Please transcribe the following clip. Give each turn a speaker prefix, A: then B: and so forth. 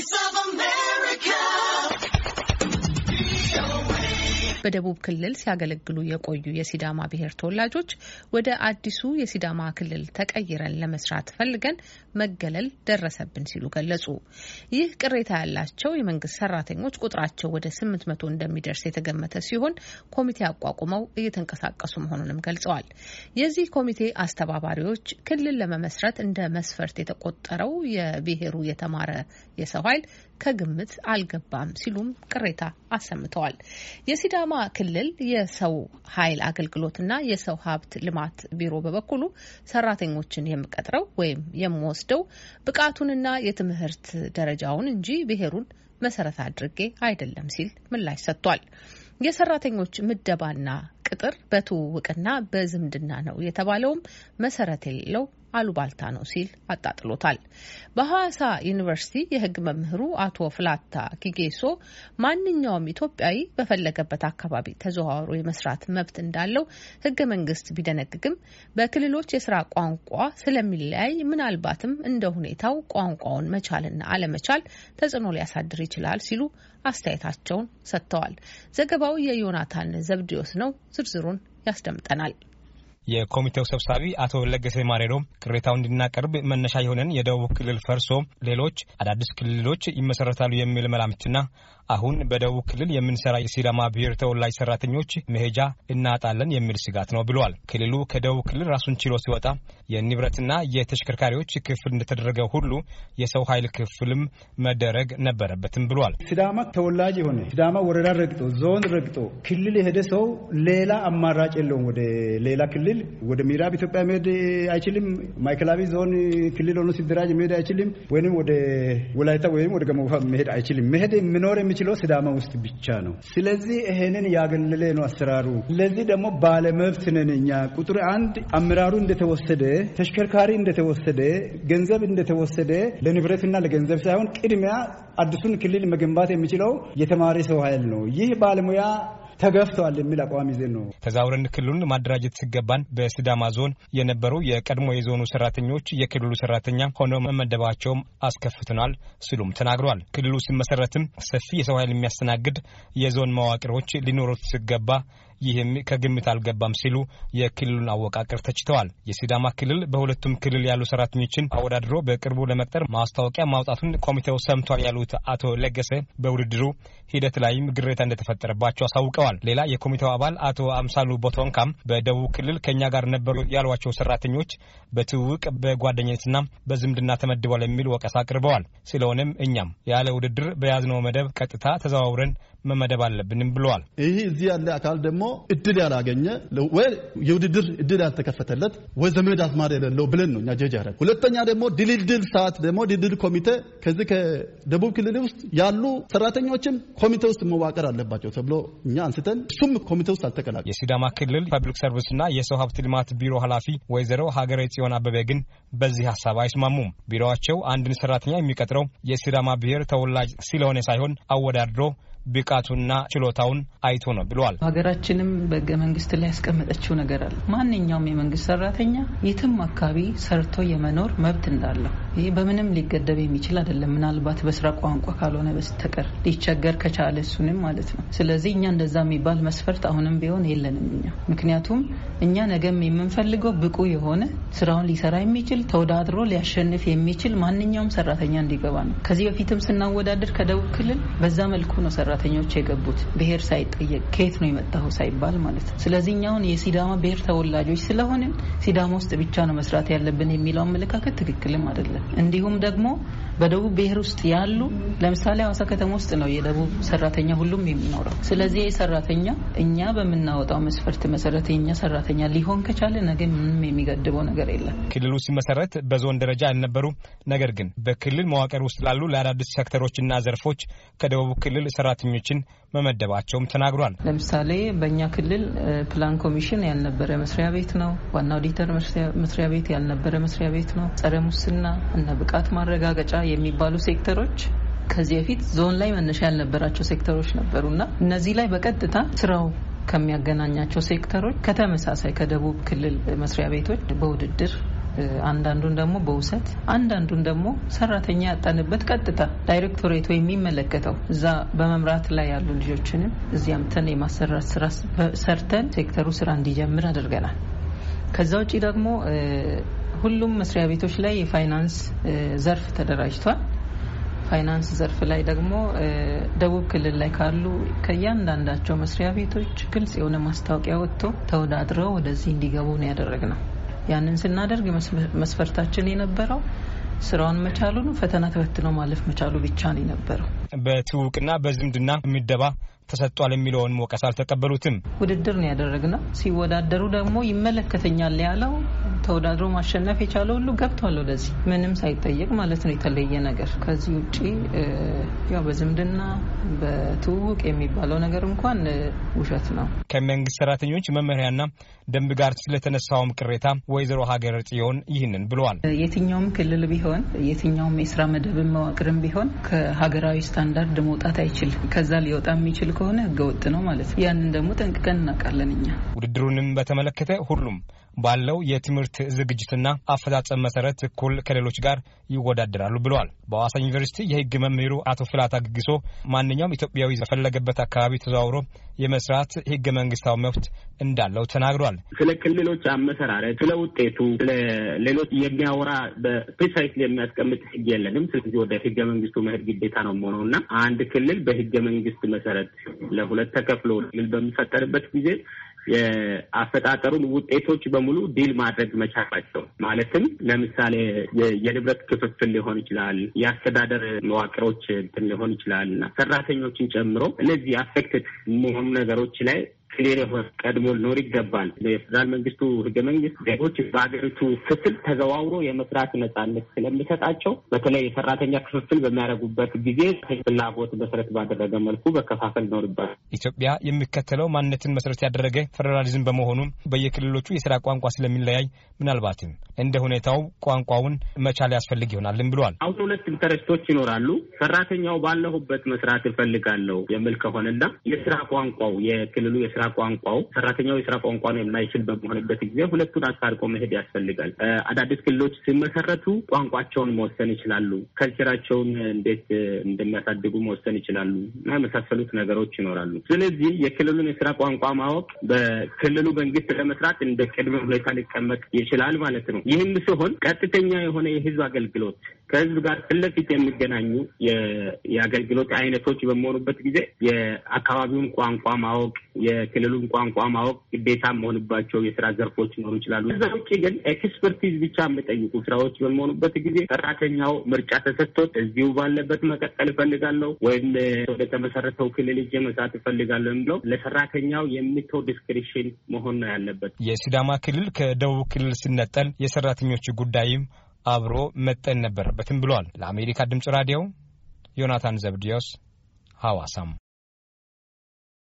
A: voice of
B: በደቡብ ክልል ሲያገለግሉ የቆዩ የሲዳማ ብሔር ተወላጆች ወደ አዲሱ የሲዳማ ክልል ተቀይረን ለመስራት ፈልገን መገለል ደረሰብን ሲሉ ገለጹ። ይህ ቅሬታ ያላቸው የመንግስት ሰራተኞች ቁጥራቸው ወደ ስምንት መቶ እንደሚደርስ የተገመተ ሲሆን ኮሚቴ አቋቁመው እየተንቀሳቀሱ መሆኑንም ገልጸዋል። የዚህ ኮሚቴ አስተባባሪዎች ክልል ለመመስረት እንደ መስፈርት የተቆጠረው የብሔሩ የተማረ የሰው ኃይል ከግምት አልገባም ሲሉም ቅሬታ አሰምተዋል። የሲዳማ ክልል የሰው ኃይል አገልግሎትና የሰው ሀብት ልማት ቢሮ በበኩሉ ሰራተኞችን የምቀጥረው ወይም የምወስደው ብቃቱንና የትምህርት ደረጃውን እንጂ ብሔሩን መሰረት አድርጌ አይደለም ሲል ምላሽ ሰጥቷል። የሰራተኞች ምደባና ቅጥር በትውውቅና በዝምድና ነው የተባለውም መሰረት የሌለው አሉባልታ ነው ሲል አጣጥሎታል። በሐዋሳ ዩኒቨርሲቲ የሕግ መምህሩ አቶ ፍላታ ኪጌሶ ማንኛውም ኢትዮጵያዊ በፈለገበት አካባቢ ተዘዋውሮ የመስራት መብት እንዳለው ሕገ መንግስት ቢደነግግም በክልሎች የስራ ቋንቋ ስለሚለያይ ምናልባትም እንደ ሁኔታው ቋንቋውን መቻልና አለመቻል ተጽዕኖ ሊያሳድር ይችላል ሲሉ አስተያየታቸውን ሰጥተዋል። ዘገባው ዘገባው የዮናታን ዘብዲዮስ ነው። ዝርዝሩን ያስደምጠናል።
C: የኮሚቴው ሰብሳቢ አቶ ለገሴ ማሬዶ ቅሬታው እንድናቀርብ መነሻ የሆነን የደቡብ ክልል ፈርሶ ሌሎች አዳዲስ ክልሎች ይመሰረታሉ የሚል መላምትና አሁን በደቡብ ክልል የምንሰራ የሲዳማ ብሔር ተወላጅ ሰራተኞች መሄጃ እናጣለን የሚል ስጋት ነው ብለል። ክልሉ ከደቡብ ክልል ራሱን ችሎ ሲወጣ የንብረትና የተሽከርካሪዎች ክፍል እንደተደረገ ሁሉ የሰው ኃይል ክፍልም መደረግ ነበረበትም ብሏል። ሲዳማ ተወላጅ የሆነ ሲዳማ ወረዳ ረግጦ ዞን ረግጦ ክልል የሄደ ሰው ሌላ አማራጭ የለውም። ወደ ሌላ ክልል ክልል ወደ ምዕራብ ኢትዮጵያ መሄድ አይችልም። ማዕከላዊ ዞን ክልል ሆኖ ሲደራጅ መሄድ አይችልም። ወይም ወደ ወላይታ ወይም ወደ ገሞፋ መሄድ አይችልም። መሄድ መኖር የሚችለው ሲዳማ ውስጥ ብቻ ነው። ስለዚህ ይሄንን ያገለለ ነው አሰራሩ። ለዚህ ደግሞ ባለመብት ነን እኛ። ቁጥር አንድ አመራሩ እንደተወሰደ፣ ተሽከርካሪ እንደተወሰደ፣ ገንዘብ እንደተወሰደ ለንብረትና ለገንዘብ ሳይሆን ቅድሚያ አዲሱን ክልል መገንባት የሚችለው የተማሪ ሰው ኃይል ነው። ይህ ባለሙያ ተገፍተዋል የሚል አቋም ይዘን ነው። ተዛውረን ክልሉን ማደራጀት ሲገባን በሲዳማ ዞን የነበሩ የቀድሞ የዞኑ ሰራተኞች የክልሉ ሰራተኛ ሆነው መመደባቸውም አስከፍትናል ሲሉም ተናግሯል። ክልሉ ሲመሰረትም ሰፊ የሰው ኃይል የሚያስተናግድ የዞን መዋቅሮች ሊኖሩት ሲገባ ይህም ከግምት አልገባም ሲሉ የክልሉን አወቃቀር ተችተዋል። የሲዳማ ክልል በሁለቱም ክልል ያሉ ሰራተኞችን አወዳድሮ በቅርቡ ለመቅጠር ማስታወቂያ ማውጣቱን ኮሚቴው ሰምቷል ያሉት አቶ ለገሰ በውድድሩ ሂደት ላይም ግሬታ እንደተፈጠረባቸው አሳውቀዋል። ሌላ የኮሚቴው አባል አቶ አምሳሉ ቦቶንካም በደቡብ ክልል ከእኛ ጋር ነበሩ ያሏቸው ሰራተኞች በትውውቅ በጓደኝነትና በዝምድና ተመድቧል የሚል ወቀሳ አቅርበዋል። ስለሆነም እኛም ያለ ውድድር በያዝነው መደብ ቀጥታ ተዘዋውረን መመደብ አለብንም ብለዋል። ይህ
A: እዚህ ያለ አካል ደግሞ እድል ያላገኘ ወይ የውድድር እድል ያልተከፈተለት ወይ ዘመድ አዝማድ የሌለው ብለን ነው እኛ ጀጅ ያደረግ። ሁለተኛ ደግሞ ድልድል ሰዓት ደግሞ ድልድል ኮሚቴ ከዚህ ከደቡብ ክልል ውስጥ ያሉ ሰራተኞችም ኮሚቴ ውስጥ መዋቀር አለባቸው ተብሎ እኛ አንስተን
C: እሱም ኮሚቴ ውስጥ አልተቀላቀ። የሲዳማ ክልል ፐብሊክ ሰርቪስና የሰው ሀብት ልማት ቢሮ ኃላፊ ወይዘሮ ሀገረ ጽዮን አበበ ግን በዚህ ሀሳብ አይስማሙም። ቢሮቸው አንድን ሰራተኛ የሚቀጥረው የሲዳማ ብሔር ተወላጅ ስለሆነ ሳይሆን አወዳድሮ ብቃቱና ችሎታውን አይቶ ነው ብሏል።
D: ሀገራችንም በህገ መንግስት ላይ ያስቀመጠችው ነገር አለ። ማንኛውም የመንግስት ሰራተኛ የትም አካባቢ ሰርቶ የመኖር መብት እንዳለው ይህ በምንም ሊገደብ የሚችል አይደለም። ምናልባት በስራ ቋንቋ ካልሆነ በስተቀር ሊቸገር ከቻለ እሱንም ማለት ነው። ስለዚህ እኛ እንደዛ የሚባል መስፈርት አሁንም ቢሆን የለንም እኛ ምክንያቱም እኛ ነገም የምንፈልገው ብቁ የሆነ ስራውን ሊሰራ የሚችል ተወዳድሮ ሊያሸንፍ የሚችል ማንኛውም ሰራተኛ እንዲገባ ነው። ከዚህ በፊትም ስናወዳደር ከደቡብ ክልል በዛ መልኩ ነው ሰራተኞች የገቡት ብሔር ሳይጠየቅ ከየት ነው የመጣው ሳይባል ማለት ነው። ስለዚህ እኛውን የሲዳማ ብሔር ተወላጆች ስለሆንን ሲዳማ ውስጥ ብቻ ነው መስራት ያለብን የሚለው አመለካከት ትክክልም አይደለም። እንዲሁም ደግሞ በደቡብ ብሔር ውስጥ ያሉ ለምሳሌ ሀዋሳ ከተማ ውስጥ ነው የደቡብ ሰራተኛ ሁሉም የሚኖረው። ስለዚህ ይህ ሰራተኛ እኛ በምናወጣው መስፈርት መሰረት የኛ ሰራተኛ ሊሆን ከቻለ ነገ ምንም የሚገድበው ነገር
C: የለም። ክልሉ ሲመሰረት በዞን ደረጃ አልነበሩም። ነገር ግን በክልል መዋቅር ውስጥ ላሉ ለአዳዲስ ሴክተሮችና ዘርፎች ከደቡብ ክልል ሰራተኞችን መመደባቸውም ተናግሯል። ለምሳሌ
D: በእኛ ክልል ፕላን ኮሚሽን ያልነበረ መስሪያ ቤት ነው። ዋና ኦዲተር መስሪያ ቤት ያልነበረ መስሪያ ቤት ነው። ጸረ ሙስና እና ብቃት ማረጋገጫ የሚባሉ ሴክተሮች ከዚህ በፊት ዞን ላይ መነሻ ያልነበራቸው ሴክተሮች ነበሩና እነዚህ ላይ በቀጥታ ስራው ከሚያገናኛቸው ሴክተሮች ከተመሳሳይ ከደቡብ ክልል መስሪያ ቤቶች በውድድር አንዳንዱን ደግሞ በውሰት አንዳንዱን ደግሞ ሰራተኛ ያጣንበት ቀጥታ ዳይሬክቶሬት ወይ የሚመለከተው እዛ በመምራት ላይ ያሉ ልጆችንም እዚህ አምጥተን የማሰራት ስራ ሰርተን ሴክተሩ ስራ እንዲጀምር አድርገናል። ከዛ ውጪ ደግሞ ሁሉም መስሪያ ቤቶች ላይ የፋይናንስ ዘርፍ ተደራጅቷል። ፋይናንስ ዘርፍ ላይ ደግሞ ደቡብ ክልል ላይ ካሉ ከእያንዳንዳቸው መስሪያ ቤቶች ግልጽ የሆነ ማስታወቂያ ወጥቶ ተወዳድረው ወደዚህ እንዲገቡ ነው ያደረግ ነው። ያንን ስናደርግ መስፈርታችን የነበረው ስራውን መቻሉን ፈተና ተፈትኖ ማለፍ መቻሉ
C: ብቻ ነው የነበረው። በትውውቅና በዝምድና የሚደባ ተሰጥቷል የሚለውን ሞቀስ አልተቀበሉትም።
D: ውድድር ነው ያደረግነው። ሲወዳደሩ ደግሞ ይመለከተኛል ያለው ተወዳድሮ ማሸነፍ የቻለ ሁሉ ገብቷል ወደዚህ ምንም ሳይጠየቅ ማለት ነው። የተለየ ነገር ከዚህ ውጭ ያው በዝምድና በትውውቅ የሚባለው ነገር እንኳን ውሸት
C: ነው። ከመንግስት ሰራተኞች መመሪያና ደንብ ጋር ስለተነሳውም ቅሬታ ወይዘሮ ሀገር ጽዮን ይህንን ብለዋል።
D: የትኛውም ክልል ቢሆን የትኛውም የስራ መደብን መዋቅርም ቢሆን ከሀገራዊ ስታ ስታንዳርድ መውጣት አይችልም። ከዛ ሊወጣ የሚችል ከሆነ ህገወጥ ነው ማለት ነው። ያንን ደግሞ ጠንቅቀን እናውቃለን እኛ።
C: ውድድሩንም በተመለከተ ሁሉም ባለው የትምህርት ዝግጅትና አፈጻጸም መሰረት እኩል ከሌሎች ጋር ይወዳደራሉ ብለዋል። በሐዋሳ ዩኒቨርሲቲ የህግ መምህሩ አቶ ፍላታ ግግሶ ማንኛውም ኢትዮጵያዊ በፈለገበት አካባቢ ተዘዋውሮ የመስራት ህገ መንግስታዊ መብት እንዳለው ተናግሯል።
A: ስለ ክልሎች አመሰራረት፣ ስለ ውጤቱ፣ ስለ ሌሎች የሚያወራ በፕሪሳይስ የሚያስቀምጥ ህግ የለንም። ስለዚህ ወደ ህገ መንግስቱ መሄድ ግዴታ ነው መሆነው እና አንድ ክልል በህገ መንግስት መሰረት ለሁለት ተከፍሎ ክልል በሚፈጠርበት ጊዜ የአፈጣጠሩን ውጤቶች በሙሉ ዲል ማድረግ መቻላቸው ማለትም ለምሳሌ የንብረት ክፍፍል ሊሆን ይችላል፣ የአስተዳደር መዋቅሮች እንትን ሊሆን ይችላል እና ሰራተኞችን ጨምሮ እነዚህ አፌክትድ መሆኑ ነገሮች ላይ ክሌር የሆነ ቀድሞ ሊኖር ይገባል። የፌዴራል መንግስቱ ህገ መንግስት ዜጎች በሀገሪቱ ክፍል ተዘዋውሮ የመስራት ነጻነት ስለሚሰጣቸው በተለይ የሰራተኛ ክፍፍል በሚያደርጉበት ጊዜ ፍላጎት መሰረት ባደረገ መልኩ መከፋፈል ይኖርባል።
C: ኢትዮጵያ የሚከተለው ማንነትን መሰረት ያደረገ ፌዴራሊዝም በመሆኑ በየክልሎቹ የስራ ቋንቋ ስለሚለያይ ምናልባትም እንደ ሁኔታው ቋንቋውን መቻል ያስፈልግ ይሆናልም ብሏል።
A: አሁን ሁለት ኢንተረስቶች ይኖራሉ። ሰራተኛው ባለሁበት መስራት እፈልጋለሁ የሚል ከሆነና የስራ ቋንቋው የክልሉ የስራ የስራ ቋንቋው ሰራተኛው የስራ ነው የማይችል በመሆንበት ጊዜ ሁለቱን አስታርቆ መሄድ ያስፈልጋል። አዳዲስ ክልሎች ሲመሰረቱ ቋንቋቸውን መወሰን ይችላሉ። ከልቸራቸውን እንዴት እንደሚያሳድጉ መወሰን ይችላሉ እና የመሳሰሉት ነገሮች ይኖራሉ። ስለዚህ የክልሉን የስራ ቋንቋ ማወቅ በክልሉ መንግስት ለመስራት እንደ ቅድመ ሁኔታ ሊቀመጥ ይችላል ማለት ነው። ይህም ሲሆን ቀጥተኛ የሆነ የህዝብ አገልግሎት ከህዝብ ጋር ፊት ለፊት የሚገናኙ የአገልግሎት አይነቶች በመሆኑበት ጊዜ የአካባቢውን ቋንቋ ማወቅ፣ የክልሉን ቋንቋ ማወቅ ግዴታ መሆንባቸው የስራ ዘርፎች ሊኖሩ ይችላሉ። እዛ ውጭ ግን ኤክስፐርቲዝ ብቻ የሚጠይቁ ስራዎች በመሆኑበት ጊዜ ሰራተኛው ምርጫ ተሰጥቶት እዚሁ ባለበት መቀጠል እፈልጋለሁ ወይም ወደ ተመሰረተው ክልል እጄ መስራት እፈልጋለሁ የሚለው ለሰራተኛው የሚተው ዲስክሪፕሽን መሆን ነው ያለበት።
C: የሲዳማ ክልል ከደቡብ ክልል ሲነጠል የሰራተኞች ጉዳይም አብሮ መጠን ነበረበትም ብሏል። ለአሜሪካ ድምፅ ራዲዮ ዮናታን ዘብዲዮስ ሐዋሳም